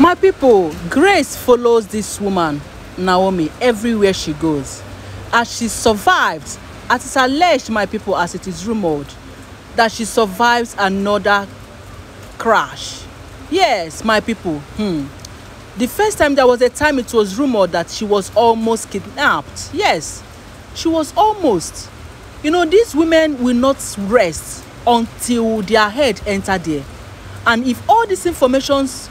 My people, grace follows this woman, Naomi, everywhere she goes. As she survives, as it's alleged, my people, as it is rumored, that she survives another crash. Yes, my people, hmm. The first time there was a time it was rumored that she was almost kidnapped. Yes, she was almost. You know, these women will not rest until their head enter there. And if all these informations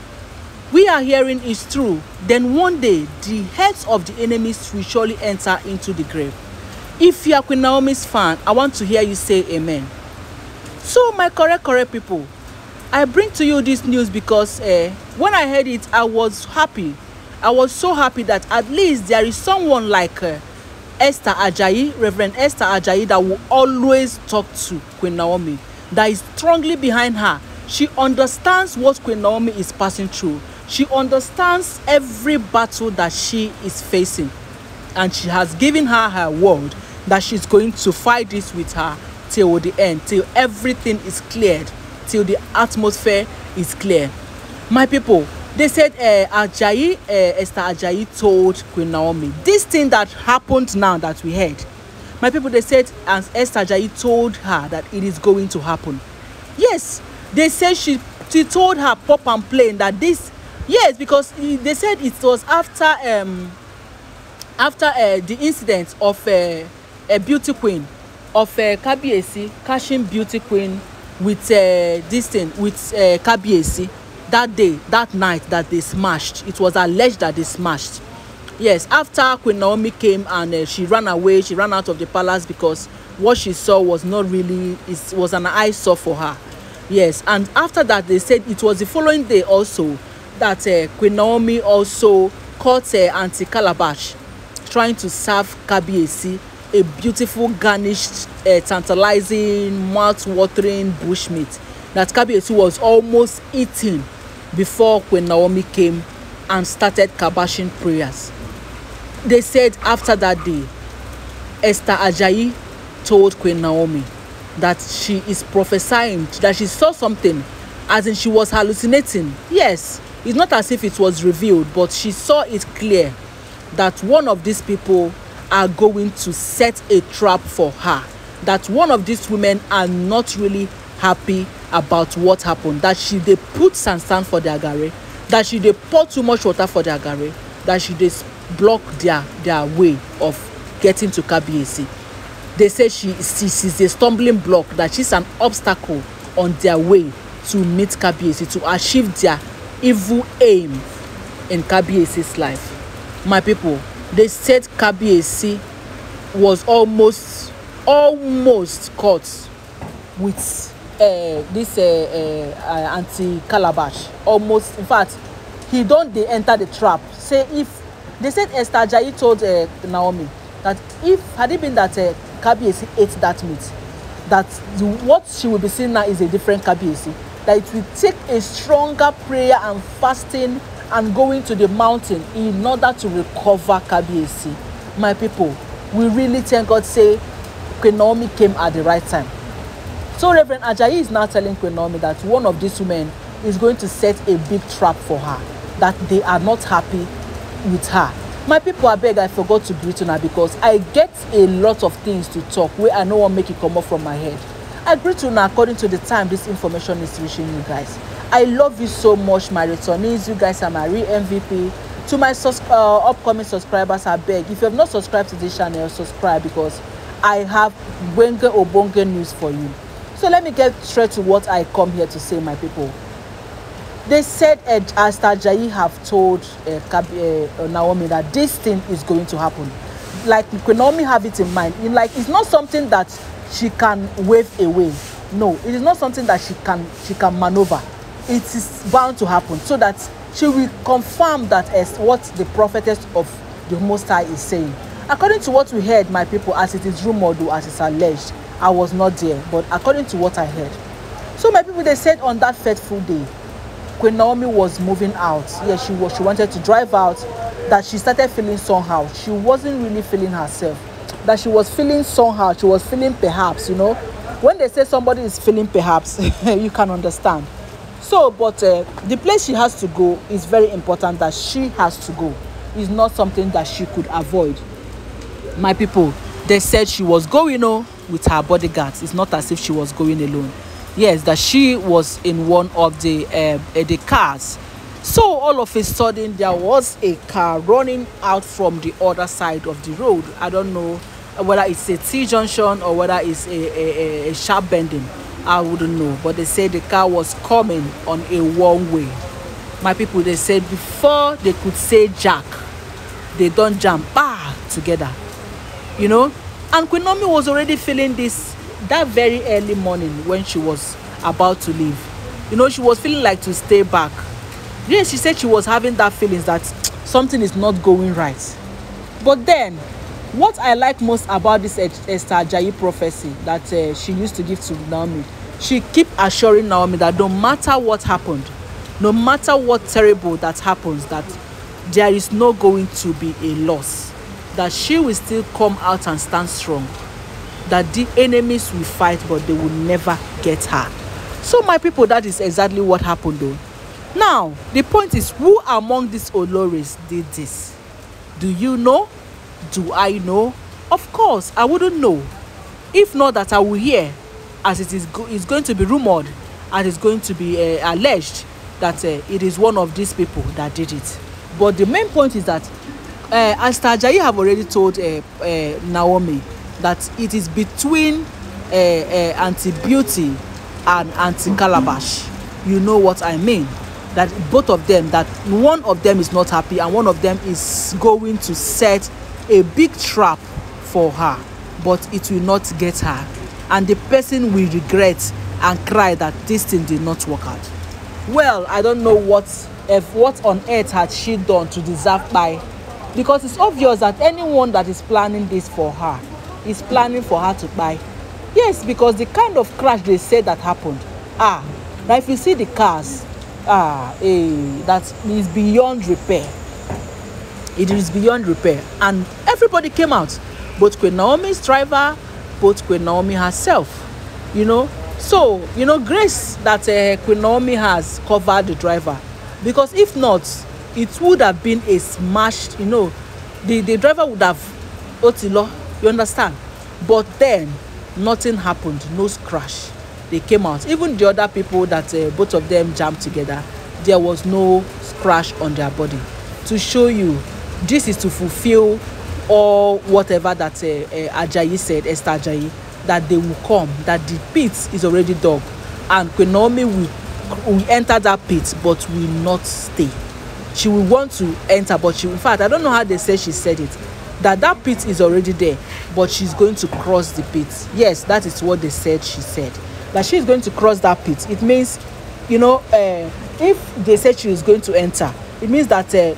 we are hearing is true, then one day the heads of the enemies will surely enter into the grave. If you are Queen Naomi's fan, I want to hear you say amen. So my correct correct people, I bring to you this news because uh, when I heard it, I was happy. I was so happy that at least there is someone like uh, Esther Ajayi, Reverend Esther Ajayi, that will always talk to Queen Naomi, that is strongly behind her. She understands what Queen Naomi is passing through. She understands every battle that she is facing, and she has given her her word that she's going to fight this with her till the end, till everything is cleared, till the atmosphere is clear. My people, they said uh, Ajayi, uh, Esther Ajayi told Queen Naomi, this thing that happened now that we heard, my people, they said, as Esther Ajayi told her that it is going to happen. Yes, they said she, she told her pop and plain that this yes because they said it was after um, after uh, the incident of uh, a beauty queen of uh, Kabiyesi cashing beauty queen with uh, this thing with uh, Kabiyesi that day that night that they smashed it was alleged that they smashed yes after Queen Naomi came and uh, she ran away she ran out of the palace because what she saw was not really it was an eyesore for her yes and after that they said it was the following day also that uh, Queen Naomi also caught uh, Auntie Calabash trying to serve Kabiesi a beautiful garnished uh, tantalizing mouth-watering bushmeat that Kabiesi was almost eating before Queen Naomi came and started kabashing prayers. They said after that day, Esther Ajayi told Queen Naomi that she is prophesying, that she saw something, as in she was hallucinating. Yes, it's not as if it was revealed but she saw it clear that one of these people are going to set a trap for her that one of these women are not really happy about what happened that she they put sansan for their garri that she they pour too much water for their garri that she they block their their way of getting to kabiyesi they say she she she's a stumbling block that she's an obstacle on their way to meet kabiyesi to achieve their evil aim in Kabiesi's life. My people, they said Kabiesi was almost almost caught with uh, this uh, uh, uh anti-calabash almost in fact he don dey enter the trap say if they said esther ajayi told uh, naomi that if had it been that uh, kabiyesi ate that meat that the, what she will be seeing now is a different kabiyesi that it will take a stronger prayer and fasting and going to the mountain in order to recover KBAC. My people, we really thank God say Queen Naomi came at the right time. So Reverend Ajayi is now telling Queen Naomi that one of these women is going to set a big trap for her, that they are not happy with her. My people, I beg, I forgot to greet you now because I get a lot of things to talk where I no one make it come up from my head. I greet now according to the time this information is reaching you guys. I love you so much, my returnees. You guys are my real MVP. To my sus uh, upcoming subscribers, I beg if you have not subscribed to this channel, subscribe because I have wenge obonge news for you. So let me get straight to what I come here to say, my people. They said uh, Asta Jayi have told uh, Kabi, uh, Naomi that this thing is going to happen. Like Naomi have it in mind. Like it's not something that she can wave away no it is not something that she can she can maneuver it is bound to happen so that she will confirm that as eh, what the prophetess of the most high is saying according to what we heard my people as it is rumoured o as it's alleged i was not there but according to what i heard so my people they said on that fateful day Queen Naomi was moving out Yes, she was she wanted to drive out that she started feeling somehow she wasn't really feeling herself that she was feeling somehow, she was feeling perhaps, you know. When they say somebody is feeling perhaps, you can understand. So, but uh, the place she has to go is very important that she has to go. is not something that she could avoid. My people, they said she was going oh, with her bodyguards. It's not as if she was going alone. Yes, that she was in one of the um, uh, the cars So all of a sudden there was a car running out from the other side of the road. I don't know whether it's a T-junction or whether it's a, a, a, sharp bending. I wouldn't know. But they said the car was coming on a one way. My people, they said before they could say jack, they don't jump back ah, together. You know? And Quinomi was already feeling this that very early morning when she was about to leave. You know, she was feeling like to stay back Then she said she was having that feeling that something is not going right. But then, what I like most about this Esther Ajayi prophecy that uh, she used to give to Naomi, she keep assuring Naomi that no matter what happened, no matter what terrible that happens, that there is no going to be a loss, that she will still come out and stand strong, that the enemies will fight, but they will never get her. So, my people, that is exactly what happened though now the point is who among these olores did this do you know do i know of course i wouldn't know if not that i will hear as it is go is going to be rumored and it's going to be uh, alleged that uh, it is one of these people that did it but the main point is that uh, as tajayi have already told uh, uh, naomi that it is between uh, uh, anti-beauty and anti-calabash you know what i mean that both of them that one of them is not happy and one of them is going to set a big trap for her but it will not get her and the person will regret and cry that this thing did not work out well i don't know what if what on earth had she done to deserve by because it's obvious that anyone that is planning this for her is planning for her to buy yes because the kind of crash they said that happened ah now if you see the cars ah eh. that is beyond repair it is beyond repair and everybody came out both queen naomi's driver both queen naomi herself you know so you know grace that uh, queen naomi has covered the driver because if not it would have been a smashed you know the the driver would have otilo you understand but then nothing happened no crash they came out even the other people that uh, both of them jammed together there was no scratch on their body to show you this is to fulfill all whatever that uh, uh, Ajayi said Esther Ajayi that they will come that the pit is already dug and Queen Naomi will will enter that pit but will not stay she will want to enter but she in fact I don't know how they say she said it that that pit is already there but she's going to cross the pit yes that is what they said she said that she's going to cross that pit it means you know uh, if they said she is going to enter it means that uh,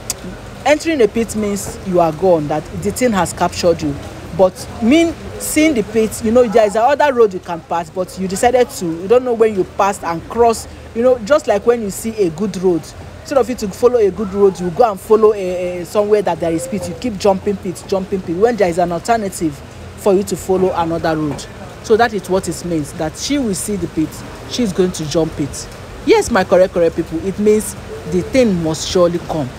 entering a pit means you are gone that the thing has captured you but mean seeing the pit you know there is another road you can pass but you decided to you don't know when you passed and cross you know just like when you see a good road instead of you to follow a good road you go and follow a, a somewhere that there is pit you keep jumping pit jumping pit when there is an alternative for you to follow another road so that is what it means that she will see the pit she is going to jump it yes my correct correct people it means the thing must surely come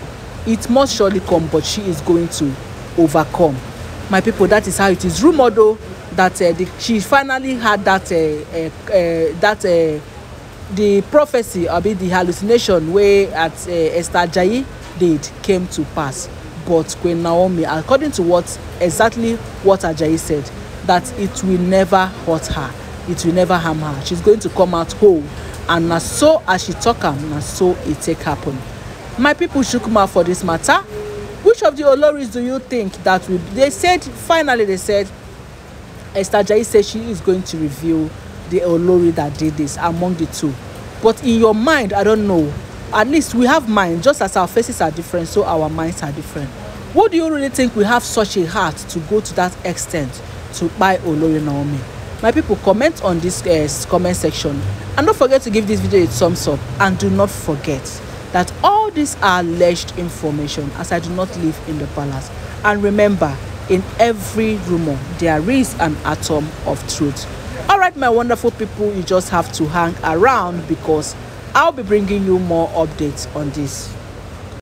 it must surely come but she is going to overcome my people that is how it is Rumor though that uh, the, she finally had that uh, uh, uh that uh, the prophecy abi the hallucination wey at uh, esther ajayi did came to pass but queen naomi according to what exactly what ajayi said that it will never hurt her it will never harm her she's going to come out whole and na so as she talk am na so e take happen my people shook mouth for this matter which of the oloris do you think that will they said finally they said esther jai say she is going to reveal the olori that did this among the two but in your mind i don't know at least we have mind just as our faces are different so our minds are different what do you really think we have such a heart to go to that extent to buy Olori Naomi. My people, comment on this uh, comment section and don't forget to give this video a thumbs up and do not forget that all these are alleged information as I do not live in the palace. And remember, in every rumor, there is an atom of truth. All right, my wonderful people, you just have to hang around because I'll be bringing you more updates on this.